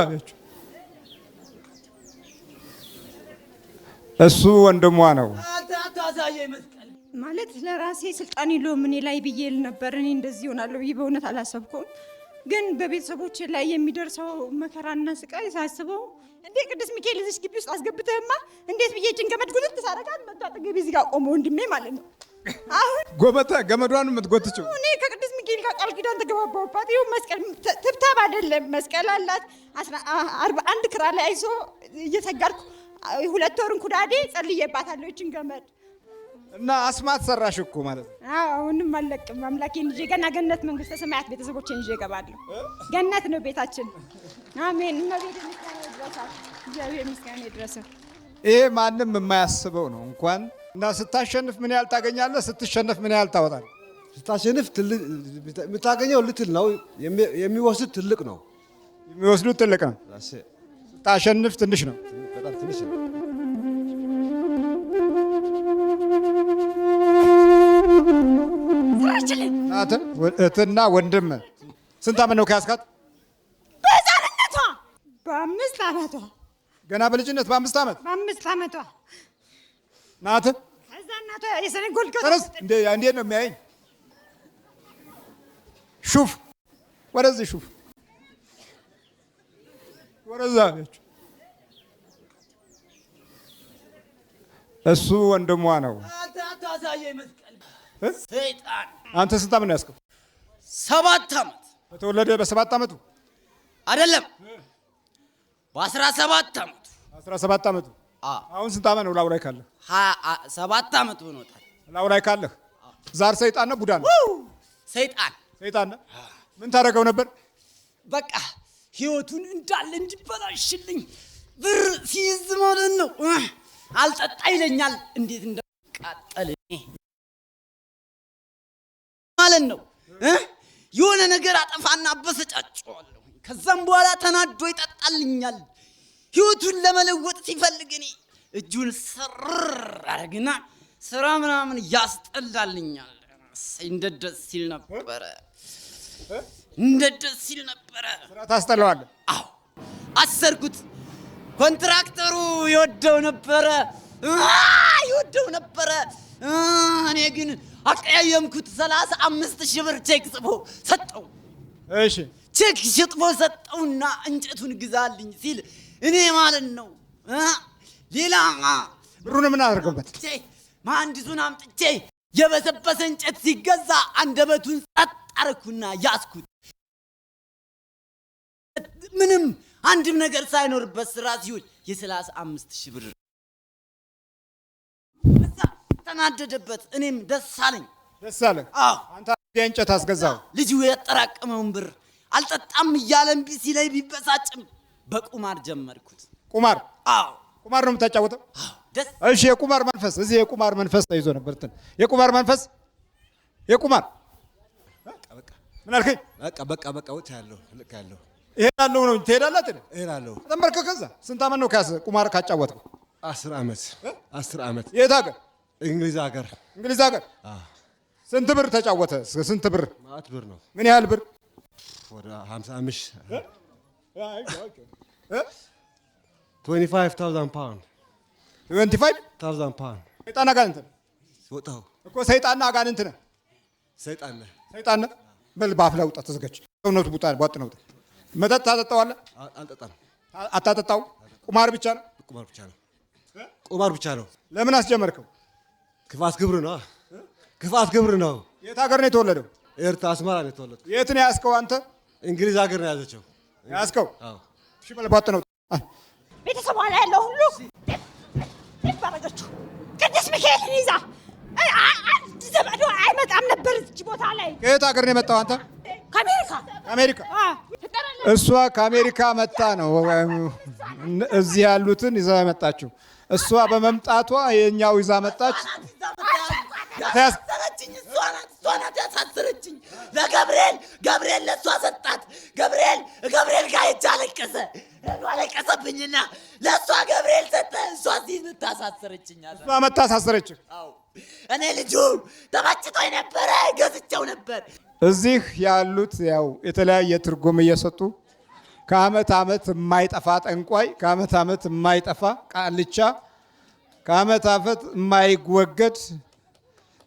አለችው። እሱ ወንድሟ ነው ማለት ለራሴ ስልጣን የለውም እኔ ላይ ብዬ ል ነበር። እኔ እንደዚህ ይሆናለሁ ብዬ በእውነት አላሰብኩም። ግን በቤተሰቦች ላይ የሚደርሰው መከራና ስቃይ ሳስበው እንዴ ቅዱስ ሚካኤል እዚህ ግቢ ውስጥ አስገብተህማ እንዴት ብዬ ጭን ገመድ ጉልት ሳረጋት መጣ ጥገብ እዚህ ጋር ቆመ ወንድሜ ማለት ነው። አሁን ጎበታ ገመዷን የምትጎትችው እኔ ከሚል ከቃል ኪዳን ተገባባሁባት። ይኸው መስቀል ትብታብ አይደለም መስቀል አላት። አንድ ክራ ላይ አይዞ እየተጋርኩ ሁለት ወር እንኩዳዴ ጸልዬባታለሁ ይችን ገመድ እና አስማት ሰራሽ እኮ ማለት ነው። አሁንም አለቅም አምላኬን ይዤ ገና ገነት መንግስተ ሰማያት ቤተሰቦቼን ይዤ እገባለሁ። ገነት ነው ቤታችን። አሜን። እመቤት ምስጋና ይድረሳል። እግዚአብሔር ምስጋና ይድረሳል። ይሄ ማንም የማያስበው ነው። እንኳን እና ስታሸንፍ ምን ያህል ታገኛለህ፣ ስትሸነፍ ምን ያህል ታወጣለህ። ስታሸንፍ የምታገኘው ልትል ነው። የሚወስድ ትልቅ ነው። የሚወስዱት ትልቅ ነው። ስታሸንፍ ትንሽ ነው። በጣም ትንሽ ነው። እህትና ወንድም ስንት አመት ነው ከያዝካት? በዛርነቷ በአምስት አመቷ ገና በልጅነት በአምስት አመት በአምስት አመቷ ናት። ከዛ እናቷ የሰኔ ጎልቀ እንዴት ነው የሚያየኝ ሹፍ ወደዚህ ሹፍ ወደዛ አለች። እሱ ወንድሟ ነው። አንተ ስንት ዓመት ነው ያዝከው? ሰባት ዓመት በተወለደ በሰባት ዓመቱ አይደለም በአስራ ሰባት ዓመቱ አስራ ሰባት ዓመቱ። አሁን ስንት ዓመት ነው? ላው ላይ ካለህ ሰባት ዓመት ሆኖታል። ላው ላይ ካለህ ዛር ሰይጣን ነው ቡዳ ነው ሰይጣን ሰይጣን ምን ታደርገው ነበር? በቃ ህይወቱን እንዳለ እንዲበላሽልኝ ብር ሲይዝ ማለት ነው። አልጠጣ ይለኛል። እንዴት እንደቃጠል ማለት ነው። የሆነ ነገር አጠፋና አበሰጫጨዋለሁ። ከዛም በኋላ ተናዶ ይጠጣልኛል። ህይወቱን ለመለወጥ ሲፈልግ እኔ እጁን ስር አደረግና ስራ ምናምን ያስጠላልኛል። እንዴት ደስ ሲል ነበረ! እንዴት ደስ ሲል ነበረ! ታስጠላዋለህ? አዎ አሰርኩት። ኮንትራክተሩ ይወደው ነበረ ይወደው ነበረ። እኔ ግን አቀያየምኩት። ሰላሳ አምስት ሺህ ብር ቼክ ጽፎ ሰጠው። እሺ ቼክ ሽጥፎ ሰጠውና እንጨቱን ግዛልኝ ሲል እኔ ማለት ነው ሌላ ብሩን ምን አደርገበት መሀንዲሱን አምጥቼ የበሰበሰ እንጨት ሲገዛ አንደበቱን ጸጥ አረኩና ያስኩት። ምንም አንድም ነገር ሳይኖርበት ስራ ሲውል የሰላሳ አምስት ሺህ ብር ተናደደበት። እኔም ደስ አለኝ ደስ አለኝ። አንተ እንጨት አስገዛው። ልጁ ያጠራቀመውን ብር አልጠጣም እያለ እምቢ ሲለኝ ቢበሳጭም በቁማር ጀመርኩት። ቁማር አዎ ቁማር ነው የምታጫወተው? እሺ፣ የቁማር መንፈስ እዚህ የቁማር መንፈስ ተይዞ ነበር። እንትን የቁማር መንፈስ የቁማር ምን አልከኝ? በቃ በቃ በቃ ወጥቻለሁ፣ ልካለሁ፣ እሄዳለሁ ነው እንጂ ትሄዳለህ? እሄዳለሁ። ተመርከህ ከዛ ስንት ዓመት ነው ቁማር ካጫወትከው? አስር አመት አስር አመት። የት ሀገር? እንግሊዝ ሀገር። እንግሊዝ ሀገር። ስንት ብር ተጫወተ? ስንት ብር? ማት ብር ነው። ምን ያህል ብር? ወደ 55 ሰይጣን አጋንንት ነህ ወጣሁ እኮ ሰይጣንና አጋንንት ነህ። ሰይጣን ነህ ሰይጣን ነህ። በል በአፍ ላይ ውጣ። ተዘጋጅ። ሰውነት ቡጣ ቧጥ ነው። መጠጥ ታጠጣዋለህ? አልጠጣም። አታጠጣውም? ቁማር ብቻ ነው። ቁማር ብቻ ነው። ቁማር ብቻ ነው። ለምን አስጀመርከው? ክፋት ግብር ነው። ክፋት ግብር ነው። የት ሀገር ነው የተወለደው? ኤርትራ አስመራ ነው የተወለደው። የት ነው ያዝከው አንተ? እንግሊዝ ሀገር ነው ያዘችው ያዝከው። እሺ በል ቧጥ ነው። ቤተሰቧ ላይ ያለው ሁሉ ባረገችው ቅድስት ሚካኤልን ይዛ አንድ ዘመዶ አይመጣም ነበር እዚህ ቦታ ላይ። ከየት ሀገር ነው የመጣው አንተ? ከአሜሪካ። እሷ ከአሜሪካ መጣ ነው እዚህ ያሉትን ይዛ መጣችው። እሷ በመምጣቷ የእኛው ይዛ መጣች። ያሳሰረችኝ እሷ ናት። እሷ ናት ያሳሰረችኝ። ለገብርኤል ገብርኤል ለእሷ ሰጣት። ገብርኤል ገብርኤል ጋር ሂጅ አለቀሰ አለቀሰብኝና ለእሷ ገብርኤል ሰጠ። እሷ እዚህ የምታሳሰረችኝ እሷ መታሳሰረች። እኔ ልጁ ተመችቶኝ ነበረ፣ ገዝቼው ነበር። እዚህ ያሉት ያው የተለያየ ትርጉም እየሰጡ ከአመት አመት የማይጠፋ ጠንቋይ፣ ከአመት አመት የማይጠፋ ቃልቻ፣ ከአመት አፈት የማይወገድ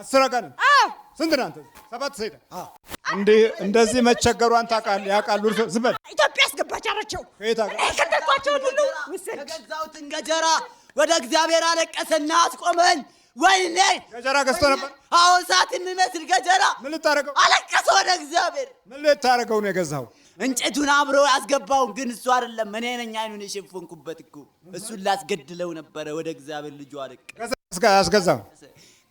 አስር ቀን ስንት ናንተ? ሰባት ሴት እንዲህ እንደዚህ መቸገሯን ታውቃል ያውቃሉ። ዝም በል ኢትዮጵያ አስገባቻቸው ከየታቸው ሁሉ የገዛሁት እንገጀራ ወደ እግዚአብሔር አለቀሰና አስቆመኝ። ወይኔ ገጀራ ገዝቶ ነበር። አዎ እሳት የሚመስል ገጀራ ምን ልታረገው አለቀሰ ወደ እግዚአብሔር። ምን ልታረገው ነው የገዛው? እንጨቱን አብሮ ያስገባውን ግን እሱ አይደለም እኔ ነኝ። አይኑን የሸፈንኩበት እኮ እሱን ላስገድለው ነበረ። ወደ እግዚአብሔር ልጁ አለቀሰ።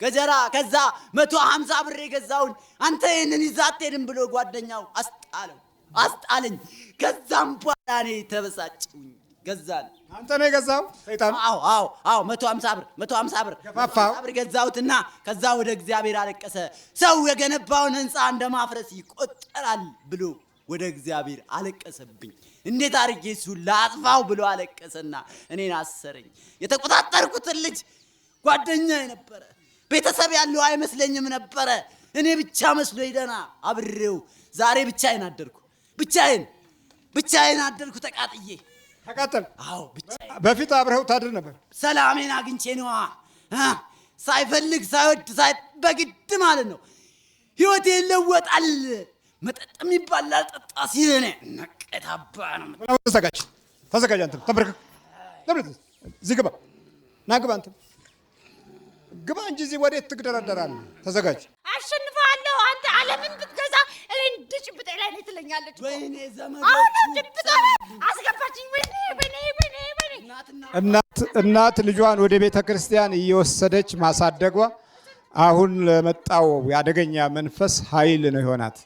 ገጀራ ከዛ መቶ ሀምሳ ብር የገዛውን አንተ ይህንን ይዛት ሄድን ብሎ ጓደኛው አስጣለው አስጣለኝ። ከዛም በኋላ እኔ ተበሳጭሁኝ። ገዛን አንተ ነው የገዛው ሰይጣን? አዎ አዎ አዎ፣ መቶ ሀምሳ ብር መቶ ሀምሳ ብር ብር ገዛሁትና ከዛ ወደ እግዚአብሔር አለቀሰ። ሰው የገነባውን ህንፃ እንደ ማፍረስ ይቆጠራል ብሎ ወደ እግዚአብሔር አለቀሰብኝ። እንዴት አድርጌ እሱን ላጥፋው ብሎ አለቀሰና እኔን አሰረኝ። የተቆጣጠርኩትን ልጅ ጓደኛ የነበረ ቤተሰብ ያለው አይመስለኝም ነበረ። እኔ ብቻ መስሎ ይደና አብሬው ዛሬ ብቻዬን አደርኩ። ብቻዬን ብቻዬን አደርኩ ተቃጥዬ ተቃጠል። አዎ በፊት አብረኸው ታድር ነበር። ሰላሜን አግኝቼ ነዋ ሳይፈልግ ሳይወድ በግድ ማለት ነው። ህይወቴ ይለወጣል። መጠጥ የሚባል ላልጠጣ ሲል እኔ ነቀታባ ነው። ተዘጋጅ ተዘጋጅ። አንተም ተንበርክክ፣ እዚህ ግባ፣ ና ግባ አንተም ግባ እንጂ እዚህ ወዴት ትግደረደራል? ተዘጋጅ። አሸንፈዋለሁ። አንተ ዓለምን ብትገዛ እኔ እንደ ጭብጥ ላይ ነው ትለኛለች። አስገባችኝ። እናት ልጇን ወደ ቤተ ክርስቲያን እየወሰደች ማሳደጓ አሁን ለመጣው የአደገኛ መንፈስ ኃይል ነው ይሆናት።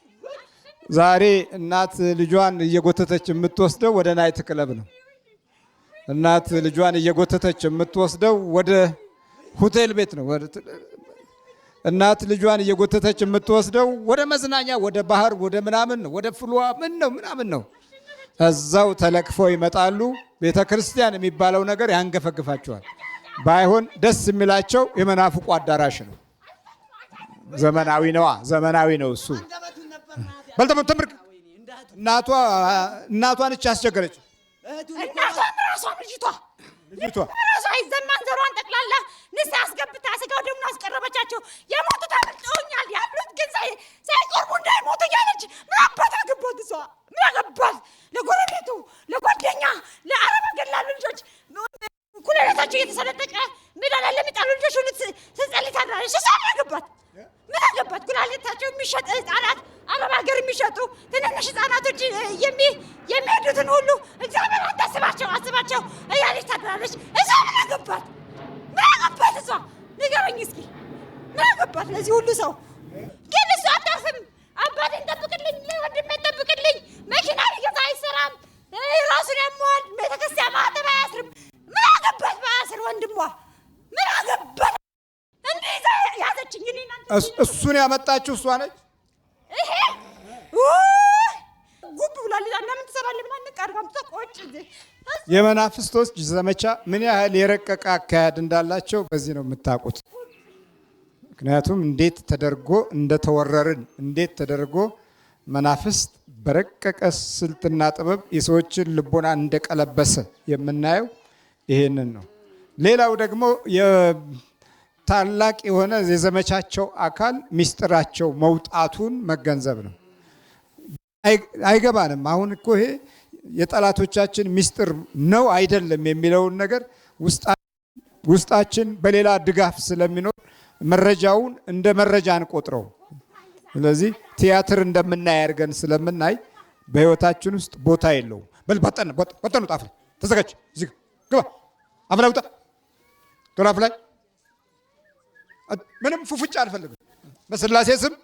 ዛሬ እናት ልጇን እየጎተተች የምትወስደው ወደ ናይት ክለብ ነው። እናት ልጇን እየጎተተች የምትወስደው ወደ ሆቴል ቤት ነው እናት ልጇን እየጎተተች የምትወስደው ወደ መዝናኛ፣ ወደ ባህር፣ ወደ ምናምን ነው ወደ ፍሏ ምን ነው ምናምን ነው። እዛው ተለክፈው ይመጣሉ። ቤተ ክርስቲያን የሚባለው ነገር ያንገፈግፋቸዋል። ባይሆን ደስ የሚላቸው የመናፍቁ አዳራሽ ነው። ዘመናዊ ነዋ፣ ዘመናዊ ነው እሱ። በልተሞ እናቷ እናቷን እች አስቸገረች። ልጅቷ ራሷ ይዘማን ዘሯን ጠቅላላ ንስ አስገብታ ስጋው ደሙን አስቀረበቻቸው። የሞቱት አምልጠውኛል ያሉት ግን ሳይቆርቡ እንዳይሞቱ እያለች ምን አባት አገባት? እሷ ምን አገባት? ለጎረቤቱ፣ ለጓደኛ፣ ለአረብ ሀገር ላሉ ልጆች ኩለነታቸው እየተሰነጠቀ ሜዳ ላይ ለሚጣሉ ልጆች ሁሉ ትጸልይ ታድራለች። እሷ ምን አገባት? ምን አለባት? ኩላሊታቸው የሚሸጥ ህጻናት፣ አረብ ሀገር የሚሸጡ ትንንሽ ህጻናቶች የሚሄዱትን ሁሉ እግዚአብሔር አታስባቸው አስባቸው እያለች ታድራለች። እሷ ምን አገባት? ምን አገባት? እሷ ንገረኝ እስኪ ምን አገባት? ለዚህ ሁሉ ሰው ግን እሷ አታስብም። አባቴን ጠብቅልኝ፣ ወንድሜ ጠብቅልኝ፣ መኪና ሊገዛ አይሰራም፣ ራሱን ያመዋል፣ ቤተክርስቲያን ማህተብ አያስርም። ምን አገባት? በአስር ወንድሟ ምን አገባት? እሱን ያመጣችው እሷ ነች። ጉብ ብሏል። ለምን ትሰራለህ ብላ እንቃርጋም ተቆጭ። የመናፍስቶች ዘመቻ ምን ያህል የረቀቀ አካሄድ እንዳላቸው በዚህ ነው የምታውቁት። ምክንያቱም እንዴት ተደርጎ እንደተወረርን፣ እንዴት ተደርጎ መናፍስት በረቀቀ ስልትና ጥበብ የሰዎችን ልቦና እንደቀለበሰ የምናየው ይሄንን ነው። ሌላው ደግሞ ታላቅ የሆነ የዘመቻቸው አካል ሚስጥራቸው መውጣቱን መገንዘብ ነው። አይገባንም። አሁን እኮ ይሄ የጠላቶቻችን ሚስጥር ነው አይደለም የሚለውን ነገር ውስጣችን በሌላ ድጋፍ ስለሚኖር መረጃውን እንደ መረጃ እንቆጥረው። ስለዚህ ቲያትር እንደምናይ አድርገን ስለምናይ በህይወታችን ውስጥ ቦታ የለውም። በል በጠን ተዘጋጅ፣ ግባ፣ አፍ ውጣ፣ ቶሎ ላይ ምንም ፉፍጭ አልፈልግም። በስላሴ ስም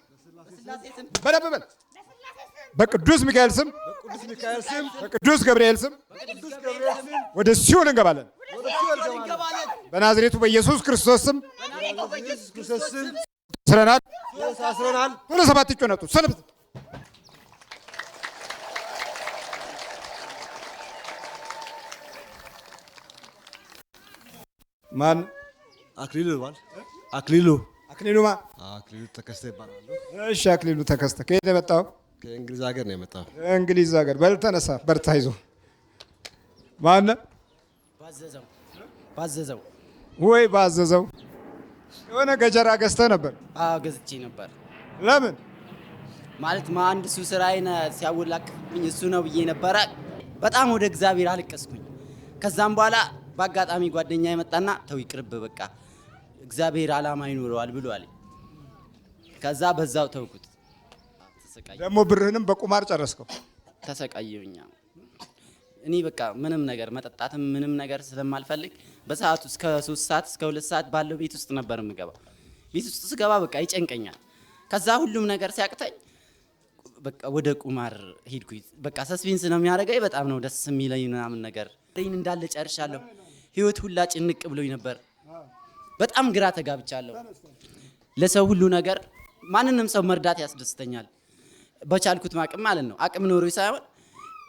በደንብ በል። በቅዱስ ሚካኤል ስም፣ በቅዱስ ገብርኤል ስም ወደ ሲኦል እንገባለን። በናዝሬቱ በኢየሱስ ክርስቶስ ስም ስረናል አስረናል። ቶሎ ሰባት ጮነቱ ሰልፍ ማን አክሊል ባል አክሊሉ ማ አክሊሉ ተከስተ ይባላል። እሺ አክሊሉ ተከስተ ከየት የመጣው? ከእንግሊዝ ሀገር ነው የመጣው። እንግሊዝ ሀገር በል ተነሳ፣ በርታ፣ ይዞ ማነ ባዘዘው ባዘዘው ወይ ባዘዘው የሆነ ገጀራ ገዝተ ነበር? አዎ ገዝቼ ነበር። ለምን ማለት አንድ እሱ ስራዬን ሲያወላቅብኝ እሱ ነው ብዬ ነበረ። በጣም ወደ እግዚአብሔር አለቀስኩኝ። ከዛም በኋላ በአጋጣሚ ጓደኛ የመጣና ተው ይቅርብ በቃ እግዚአብሔር ዓላማ ይኖረዋል ብሏል። ከዛ በዛው ተውኩት። ደግሞ ብርህንም በቁማር ጨረስከው። ተሰቃየሁኛ እኔ በቃ ምንም ነገር መጠጣትም ምንም ነገር ስለማልፈልግ በሰዓቱ እስከ ሶስት ሰዓት እስከ ሁለት ሰዓት ባለው ቤት ውስጥ ነበር የምገባ። ቤት ውስጥ ስገባ በቃ ይጨንቀኛል። ከዛ ሁሉም ነገር ሲያቅተኝ በቃ ወደ ቁማር ሄድኩኝ። በቃ ሰስፔንስ ነው የሚያደርገኝ። በጣም ነው ደስ የሚለኝ ምናምን ነገር እንዳለ ጨርሻለሁ። ህይወት ሁላ ጭንቅ ብሎኝ ነበር። በጣም ግራ ተጋብቻለሁ። ለሰው ሁሉ ነገር ማንንም ሰው መርዳት ያስደስተኛል፣ በቻልኩት አቅም ማለት ነው። አቅም ኖሮ ሳይሆን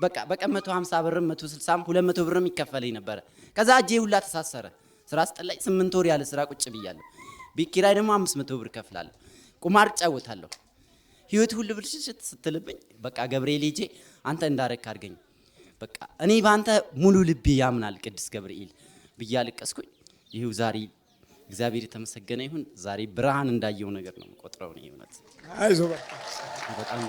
በቃ በቀን መቶ ሀምሳ ብርም መቶ ስልሳም ሁለት መቶ ብርም ይከፈለኝ ነበረ። ከዛ እጄ ሁላ ተሳሰረ። ስራ አስጠላኝ። ስምንት ወር ያለ ስራ ቁጭ ብያለሁ። ቢኪራይ ደግሞ አምስት መቶ ብር ከፍላለሁ። ቁማር እጫወታለሁ። ህይወት ሁሉ ብልሽት ስትልብኝ በቃ ገብርኤል ጄ አንተ እንዳረክ አድርገኝ በቃ እኔ በአንተ ሙሉ ልቤ ያምናል ቅዱስ ገብርኤል ብዬ አለቀስኩኝ። ይህው ዛሬ እግዚአብሔር የተመሰገነ ይሁን። ዛሬ ብርሃን እንዳየው ነገር ነው ቆጥረው ነው ይሁንት። አይዞ በጣም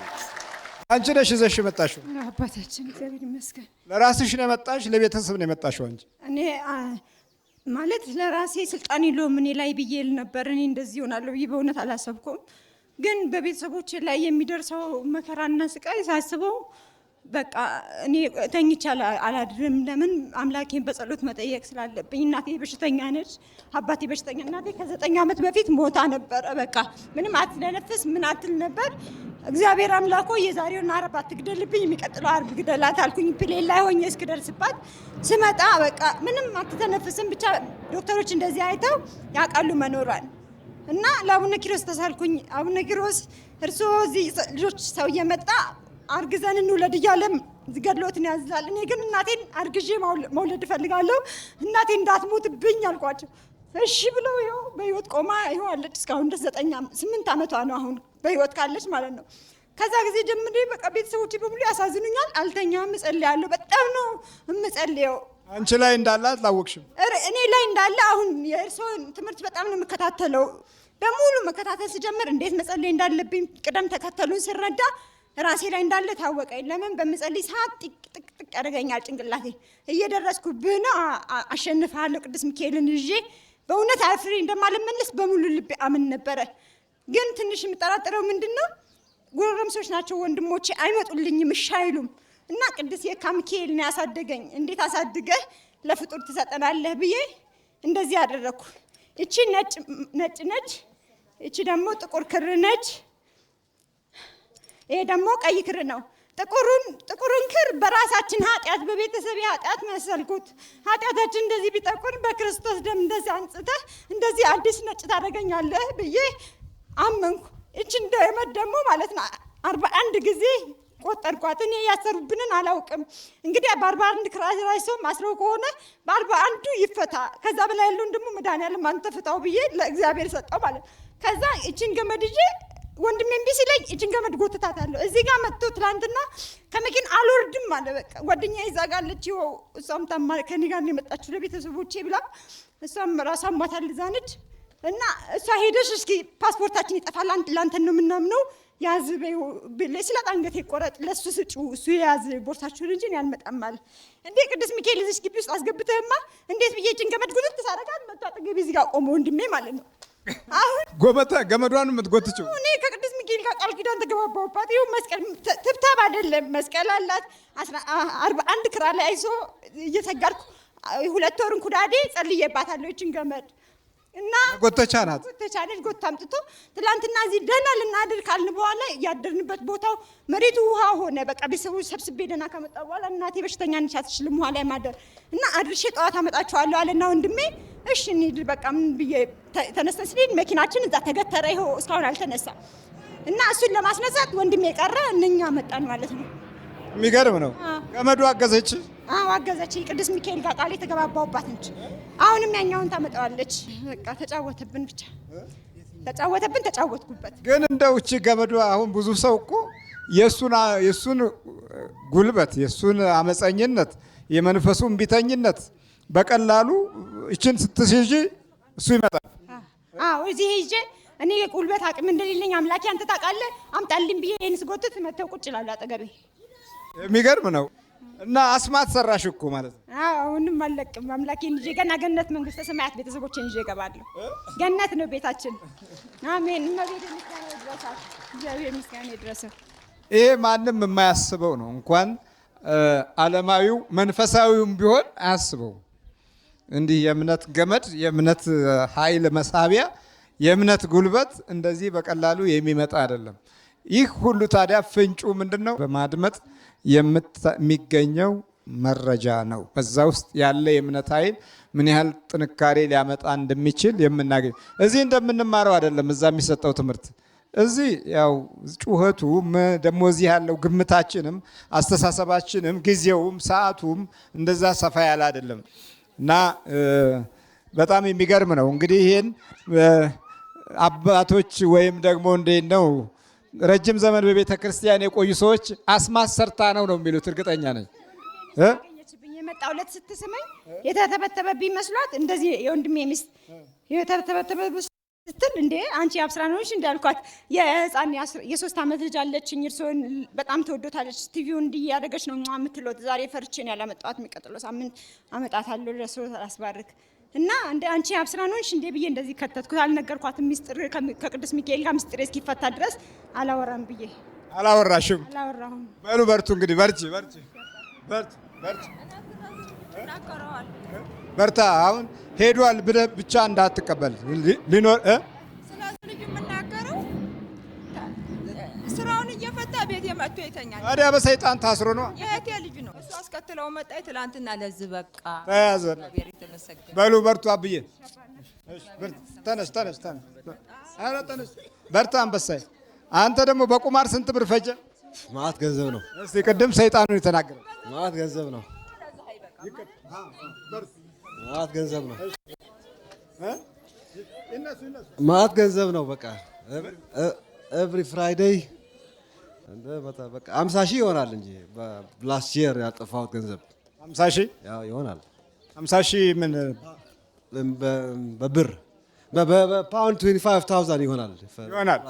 አንቺ ነሽ ይዘሽ የመጣሽው አባታችን፣ እግዚአብሔር ይመስገን። ለራስሽ ነው የመጣሽ ለቤተሰብ ነው የመጣሽው አንቺ? እኔ ማለት ለራሴ ስልጣን የለውም እኔ ላይ ብዬ ልነበር እኔ እንደዚህ ይሆናለሁ ብዬ በእውነት አላሰብኩም፣ ግን በቤተሰቦች ላይ የሚደርሰው መከራና ስቃይ ሳስበው በቃ እኔ ተኝቼ አላድርም። ለምን አምላኬን በጸሎት መጠየቅ ስላለብኝ። እናቴ በሽተኛ ነች፣ አባቴ በሽተኛ። እናቴ ከዘጠኝ ዓመት በፊት ሞታ ነበረ። በቃ ምንም አትለነፍስ ምን አትል ነበር። እግዚአብሔር አምላኮ የዛሬውን አረብ አትግደልብኝ፣ የሚቀጥለው አርብ ግደላት አልኩኝ። ፕሌን ላይ ሆኜ እስክደርስባት ስመጣ በቃ ምንም አትተነፍስም። ብቻ ዶክተሮች እንደዚህ አይተው ያውቃሉ መኖሯል እና ለአቡነ ኪሮስ ተሳልኩኝ። አቡነ ኪሮስ እርስዎ እዚህ ልጆች ሰው እየመጣ አርግዘን እንውለድ እያለም ገድሎትን ያዝላል። እኔ ግን እናቴን አርግዤ መውለድ እፈልጋለሁ፣ እናቴ እንዳትሞትብኝ አልኳቸው። እሺ ብለው ይኸው በህይወት ቆማ ይኸው አለች። እስካሁን ደስ ዘጠኝ ስምንት ዓመቷ ነው አሁን በህይወት ካለች ማለት ነው። ከዛ ጊዜ ጀምሬ በቃ ቤተሰቦቼ በሙሉ ያሳዝኑኛል። አልተኛም፣ እጸልያለሁ። በጣም ነው እምጸልየው። አንቺ ላይ እንዳለ አላወቅሽም? እኔ ላይ እንዳለ አሁን የእርስዎን ትምህርት በጣም ነው የምከታተለው። በሙሉ መከታተል ስጀምር እንዴት መጸለይ እንዳለብኝ ቅደም ተከተሉን ስረዳ ራሴ ላይ እንዳለ ታወቀኝ። ለምን በምጸልይ ሰዓት ጥቅ ጥቅ ጥቅ ያደርገኛል ጭንቅላቴ። እየደረስኩ ብነ አሸንፋለሁ ቅዱስ ሚካኤልን ይዤ በእውነት አፍሬ እንደማልመለስ በሙሉ ልቤ አምን ነበረ። ግን ትንሽ የምጠራጥረው ምንድን ነው ጎረምሶች ናቸው ወንድሞቼ፣ አይመጡልኝም፣ እሺ አይሉም እና ቅዱስ የካ ሚካኤል ነው ያሳደገኝ። እንዴት አሳድገህ ለፍጡር ትሰጠናለህ ብዬ እንደዚህ አደረግኩ። እቺ ነጭ ነጭ ነች፣ እቺ ደግሞ ጥቁር ክር ነች። ይሄ ደግሞ ቀይ ክር ነው። ጥቁሩን ጥቁሩን ክር በራሳችን ኃጢአት በቤተሰብ ኃጢአት መሰልኩት። ኃጢአታችን እንደዚህ ቢጠቁን በክርስቶስ ደም እንደዚህ አንጽተህ እንደዚህ አዲስ ነጭ ታደርገኛለህ ብዬ አመንኩ። እች እንደ ደመት ደግሞ ማለት ነው አርባ አንድ ጊዜ ቆጠርኳት። እኔ ያሰሩብንን አላውቅም። እንግዲህ በአርባ አንድ ክራራሽ ሰው ማስረው ከሆነ በአርባ አንዱ ይፈታ፣ ከዛ በላይ ያለውን ደግሞ መድኃኒዓለም አንተ ፍታው ብዬ ለእግዚአብሔር ሰጠው ማለት ነው። ከዛ እችን ገመድዬ ወንድሜ እምቢ ሲለኝ እጅን ገመድ ጎትታታለሁ። እዚህ ጋር መጥቶ ትላንትና ከመኪና አልወርድም አለ። በቃ ጓደኛ እዛ ጋር ይኸው እሷም ታማ ከኔ ጋር የመጣችው ለቤተሰቦቼ ብላ እሷም ራሷን አሟታል። እና እሷ ሄደሽ እስኪ ፓስፖርታችን ይጠፋል፣ ላንተን ነው የምናምነው ያዝ ብለሽ ስላት አንገቴ ይቆረጥ ለሱ ስጩ፣ እሱ የያዝ ቦርሳችሁን እንጂ እኔ አልመጣም አለ። እንዴ ቅዱስ ሚካኤል እዚህ ግቢ ውስጥ አስገብተህማ እንዴት ብዬ እጅን ገመድ ጉትት ሳደርጋት መጥቶ አጠገቤ እዚህ ጋር ቆመ፣ ወንድሜ ማለት ነው ጎበታ ገመዷን የምትጎትችው እኔ ከቅዱስ ሚካኤል ከቃል ኪዳን ተገባባሁባት። ይኸው መስቀል ትብታብ አይደለም መስቀል አላት። አርባ አንድ ክራ ላይ አይዞ እየተጋድኩ ሁለት ወርን ኩዳዴ ጸልዬባታለሁ ይችን ገመድ እና ጎተቻ ናት ጎተቻ አይደል? ጎታ አምጥቶ ትላንትና እዚህ ደህና ልናድር ካልን በኋላ ያደርንበት ቦታው መሬቱ ውሃ ሆነ። በቃ ቤተሰቦች ሰብስቤ ደህና ከመጣ በኋላ እናቴ በሽተኛ ነች አትችልም ውሃ ላይ ማደር እና አድርሼ ጠዋት አመጣችኋለሁ አለና ወንድሜ እሺ እንሂድ በቃ ምን ብዬ ተነስተን ስንሄድ መኪናችን እዛ ተገተረ። ይኸው እስካሁን አልተነሳ እና እሱን ለማስነሳት ወንድሜ ቀረ፣ እነኛ መጣን ማለት ነው። የሚገርም ነው። ገመዱ አገዘች። አዎ አገዘች። ቅዱስ ሚካኤል ጋር ቃል የተገባባውባት ነች። አሁንም ያኛውን ታመጣዋለች። በቃ ተጫወተብን፣ ብቻ ተጫወተብን፣ ተጫወትኩበት። ግን እንደው እቺ ገመዷ አሁን ብዙ ሰው እኮ የእሱን ጉልበት የእሱን አመፀኝነት የመንፈሱ እምቢተኝነት በቀላሉ እችን ስትስይዥ እሱ ይመጣል። አዎ እዚህ ይዤ እኔ የጉልበት አቅም እንደሌለኝ አምላኬ አንተ ታውቃለህ። አምጣልኝ ብዬ ይህን ስጎትት መተው ቁጭ ይላሉ አጠገቤ። የሚገርም ነው። እና አስማት ሰራሽ እኮ ማለት ነው። አሁንም አለቅም አምላኬን ይዤ ገና ገነት መንግስተ ሰማያት ቤተሰቦችን ይዤ እገባለሁ። ገነት ነው ቤታችን። አሜን። እመቤቴ ምስጋና ይድረሳል። እግዚአብሔር ምስጋና ይድረሳል። ይሄ ማንም የማያስበው ነው። እንኳን ዓለማዊው መንፈሳዊውም ቢሆን አያስበው። እንዲህ የእምነት ገመድ፣ የእምነት ኃይል መሳቢያ፣ የእምነት ጉልበት እንደዚህ በቀላሉ የሚመጣ አይደለም። ይህ ሁሉ ታዲያ ፍንጩ ምንድን ነው? በማድመጥ የሚገኘው መረጃ ነው። በዛ ውስጥ ያለ የእምነት ኃይል ምን ያህል ጥንካሬ ሊያመጣ እንደሚችል የምናገኝ እዚህ እንደምንማረው አይደለም። እዛ የሚሰጠው ትምህርት እዚህ ያው ጩኸቱ ደግሞ እዚህ ያለው ግምታችንም አስተሳሰባችንም ጊዜውም ሰዓቱም እንደዛ ሰፋ ያለ አይደለም እና በጣም የሚገርም ነው። እንግዲህ ይህን አባቶች ወይም ደግሞ እንዴት ነው ረጅም ዘመን በቤተ ክርስቲያን የቆዩ ሰዎች አስማሰርታ ነው ነው የሚሉት። እርግጠኛ ነኝ የመጣሁለት ስትስመኝ የተተበተበብኝ መስሏት እንደዚህ የወንድሜ ሚስት የተተበተበ ስትል እንዴ አንቺ የአብስራ ነሽ እንዳልኳት የህፃን የሶስት ዓመት ልጅ አለችኝ። እርስዎን በጣም ተወዶታለች። ቲቪውን እንዲህ ያደረገች ነው የምትሎት። ዛሬ ፈርቼን ያላመጣኋት የሚቀጥለው ሳምንት አመጣታለሁ ለእርስዎ አስባርክ እና እንደ አንቺ አብስራ ነውሽ እንዴ ብዬ እንደዚህ ከተትኩ። አልነገርኳትም። ሚስጥር ከቅዱስ ሚካኤል ጋር ሚስጥር እስኪፈታ ድረስ አላወራም ብዬ አላወራሽም። አላወራሁም። በሉ በርቱ እንግዲህ በርቺ፣ በርቺ፣ በርቺ፣ በርቺ፣ በርታ። አሁን ሄዷል ብለህ ብቻ እንዳትቀበል ሊኖር እ ስራውን እየፈታ ቤት የመጥቶ ይተኛል። ታዲያ በሰይጣን ታስሮ ነው። የእህቴ ልጅ ነው አስከትለው መጣ። ትላንትና ለዚህ በቃ ተያዘ። በሉ በርቱ። አብዬ ተነስ፣ ተነስ፣ ተነስ፣ በርታ አንበሳይ። አንተ ደግሞ በቁማር ስንት ብር ፈጀ? ማለት ገንዘብ ነው። እስቲ ቅድም ሰይጣኑን የተናገረው ማለት ገንዘብ ነው። ማለት ገንዘብ ነው። ማለት ገንዘብ ነው። በቃ ኤቭሪ ፍራይዴይ ሀምሳ ሺህ ይሆናል እንጂ ላስት የር ያጠፋሁት ገንዘብ ሀምሳ ሺህ ይሆናል። ሀምሳ ሺህ ምን በብር በፓውንድ ትዌንቲ ፋይቭ ታውዛንድ ይሆናል ይሆናል።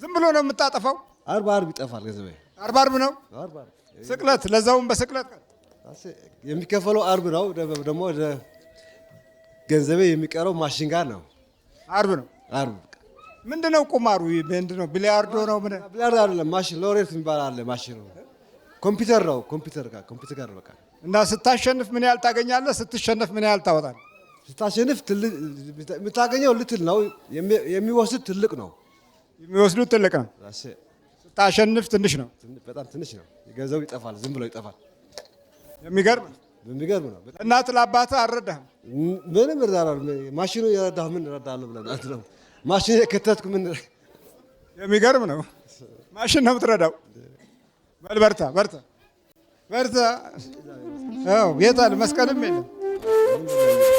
ዝም ብሎ ነው የምታጠፋው። አርባ አርብ ይጠፋል ገንዘብ። አርብ አርብ ነው ስቅለት፣ ለዛውም በስቅለት የሚከፈለው አርብ ነው። ደግሞ ገንዘቤ የሚቀረው ማሽን ጋር ነው። አርብ ነው አርብ ምንድነው ቁማሩ? ምንድነው? ቢሊያርዶ ነው? ምን ቢሊያርዶ አይደለም። ማሽን ሎሬት የሚባል አለ። ማሽን ነው፣ ኮምፒውተር ነው። ኮምፒውተር ጋር ኮምፒውተር ጋር በቃ እና ስታሸንፍ ምን ያህል ታገኛለህ? ስትሸነፍ ምን ያህል ታወጣለህ? ስታሸንፍ የምታገኘው ልትል ነው። የሚወስድ ትልቅ ነው። የሚወስዱ ትልቅ ነው። ስታሸንፍ ትንሽ ነው። በጣም ትንሽ ነው። ገንዘቡ ይጠፋል። ዝም ብሎ ይጠፋል። የሚገርም የሚገርም ነው። እናት ለአባትህ አልረዳህም። ምንም ማሽኑ የረዳህ ምን እረዳለሁ ብለህ አትለው ማሽን የከተትኩ ምን የሚገርም ነው። ማሽን ነው የምትረዳው። በል በርታ በርታ በርታ። አዎ ጌታ መስቀልም የለም።